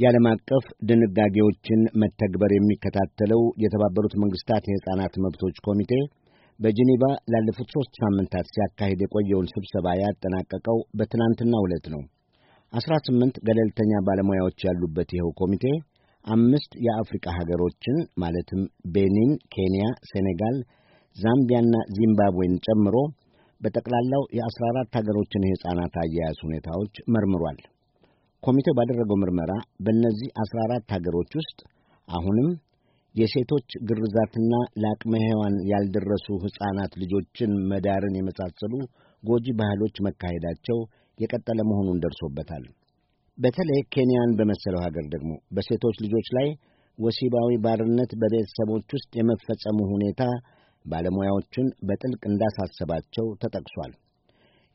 የዓለም አቀፍ ድንጋጌዎችን መተግበር የሚከታተለው የተባበሩት መንግሥታት የሕፃናት መብቶች ኮሚቴ በጄኔቫ ላለፉት ሦስት ሳምንታት ሲያካሂድ የቆየውን ስብሰባ ያጠናቀቀው በትናንትናው ዕለት ነው። አስራ ስምንት ገለልተኛ ባለሙያዎች ያሉበት ይኸው ኮሚቴ አምስት የአፍሪቃ ሀገሮችን ማለትም ቤኒን፣ ኬንያ፣ ሴኔጋል፣ ዛምቢያና ዚምባብዌን ጨምሮ በጠቅላላው የአስራ አራት ሀገሮችን የሕፃናት አያያዝ ሁኔታዎች መርምሯል። ኮሚቴው ባደረገው ምርመራ በእነዚህ አስራ አራት ሀገሮች ውስጥ አሁንም የሴቶች ግርዛትና ለአቅመ ሔዋን ያልደረሱ ሕፃናት ልጆችን መዳርን የመሳሰሉ ጎጂ ባህሎች መካሄዳቸው የቀጠለ መሆኑን ደርሶበታል። በተለይ ኬንያን በመሰለው ሀገር ደግሞ በሴቶች ልጆች ላይ ወሲባዊ ባርነት በቤተሰቦች ውስጥ የመፈጸሙ ሁኔታ ባለሙያዎችን በጥልቅ እንዳሳሰባቸው ተጠቅሷል።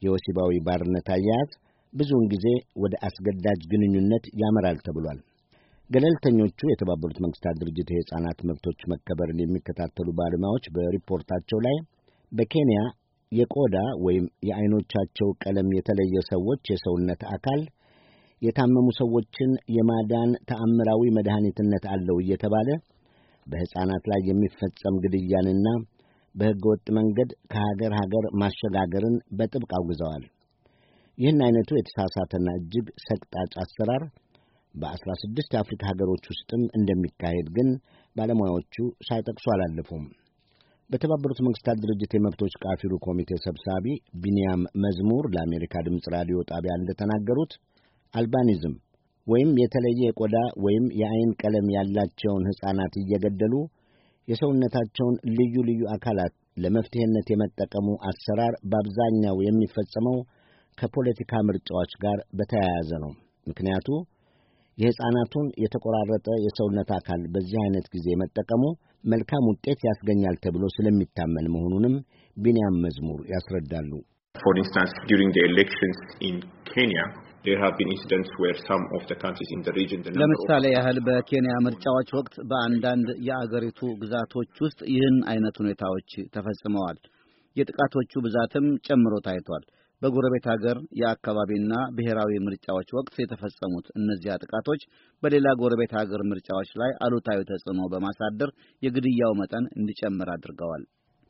የወሲባዊ ባርነት አያያዝ ብዙውን ጊዜ ወደ አስገዳጅ ግንኙነት ያመራል ተብሏል። ገለልተኞቹ የተባበሩት መንግስታት ድርጅት የሕፃናት መብቶች መከበርን የሚከታተሉ ባለሙያዎች በሪፖርታቸው ላይ በኬንያ የቆዳ ወይም የአይኖቻቸው ቀለም የተለየ ሰዎች የሰውነት አካል የታመሙ ሰዎችን የማዳን ተአምራዊ መድኃኒትነት አለው እየተባለ በሕፃናት ላይ የሚፈጸም ግድያንና በሕገ ወጥ መንገድ ከሀገር ሀገር ማሸጋገርን በጥብቅ አውግዘዋል። ይህን አይነቱ የተሳሳተና እጅግ ሰቅጣጭ አሰራር በአስራ ስድስት የአፍሪካ ሀገሮች ውስጥም እንደሚካሄድ ግን ባለሙያዎቹ ሳይጠቅሱ አላለፉም። በተባበሩት መንግስታት ድርጅት የመብቶች ቃፊሩ ኮሚቴ ሰብሳቢ ቢንያም መዝሙር ለአሜሪካ ድምፅ ራዲዮ ጣቢያ እንደተናገሩት አልባኒዝም ወይም የተለየ የቆዳ ወይም የአይን ቀለም ያላቸውን ሕፃናት እየገደሉ የሰውነታቸውን ልዩ ልዩ አካላት ለመፍትሄነት የመጠቀሙ አሰራር በአብዛኛው የሚፈጸመው ከፖለቲካ ምርጫዎች ጋር በተያያዘ ነው። ምክንያቱ የሕፃናቱን የተቆራረጠ የሰውነት አካል በዚህ አይነት ጊዜ መጠቀሙ መልካም ውጤት ያስገኛል ተብሎ ስለሚታመን መሆኑንም ቢንያም መዝሙር ያስረዳሉ። ፎር ኢንስታንስ ዱሪንግ ኤሌክሽንስ ኢን ኬንያ ለምሳሌ ያህል በኬንያ ምርጫዎች ወቅት በአንዳንድ የአገሪቱ ግዛቶች ውስጥ ይህን አይነት ሁኔታዎች ተፈጽመዋል። የጥቃቶቹ ብዛትም ጨምሮ ታይቷል። በጎረቤት ሀገር የአካባቢና ብሔራዊ ምርጫዎች ወቅት የተፈጸሙት እነዚያ ጥቃቶች በሌላ ጎረቤት ሀገር ምርጫዎች ላይ አሉታዊ ተጽዕኖ በማሳደር የግድያው መጠን እንዲጨምር አድርገዋል።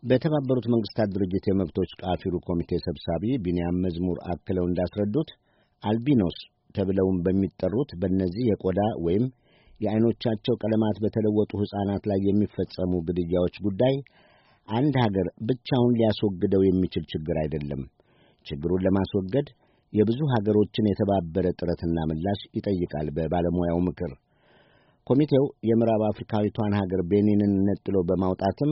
በተባበሩት መንግስታት ድርጅት የመብቶች ቃፊሩ ኮሚቴ ሰብሳቢ ቢንያም መዝሙር አክለው እንዳስረዱት አልቢኖስ ተብለውም በሚጠሩት በእነዚህ የቆዳ ወይም የአይኖቻቸው ቀለማት በተለወጡ ሕፃናት ላይ የሚፈጸሙ ግድያዎች ጉዳይ አንድ ሀገር ብቻውን ሊያስወግደው የሚችል ችግር አይደለም። ችግሩን ለማስወገድ የብዙ ሀገሮችን የተባበረ ጥረትና ምላሽ ይጠይቃል። በባለሙያው ምክር ኮሚቴው የምዕራብ አፍሪካዊቷን ሀገር ቤኒንን ነጥሎ በማውጣትም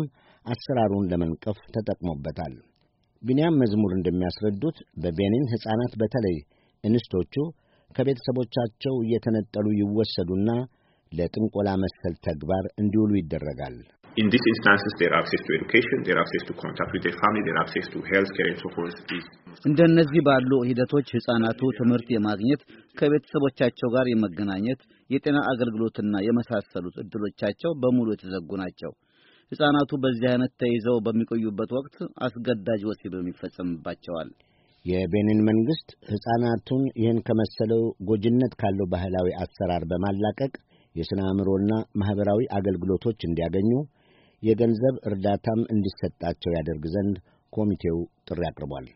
አሰራሩን ለመንቀፍ ተጠቅሞበታል። ቢንያም መዝሙር እንደሚያስረዱት በቤኒን ሕፃናት በተለይ እንስቶቹ ከቤተሰቦቻቸው እየተነጠሉ ይወሰዱና ለጥንቆላ መሰል ተግባር እንዲውሉ ይደረጋል። in these instances their access to education, their access to contact with their family, their access to health care and so forth is እንደነዚህ ባሉ ሂደቶች ህጻናቱ ትምህርት የማግኘት ከቤተሰቦቻቸው ጋር የመገናኘት የጤና አገልግሎትና የመሳሰሉት እድሎቻቸው በሙሉ የተዘጉ ናቸው። ህጻናቱ በዚህ አይነት ተይዘው በሚቆዩበት ወቅት አስገዳጅ ወሲብም ይፈጸምባቸዋል። የቤኒን መንግስት ህጻናቱን ይህን ከመሰለው ጎጅነት ካለው ባህላዊ አሰራር በማላቀቅ የሥነ አእምሮና ማኅበራዊ አገልግሎቶች እንዲያገኙ የገንዘብ እርዳታም እንዲሰጣቸው ያደርግ ዘንድ ኮሚቴው ጥሪ አቅርቧል።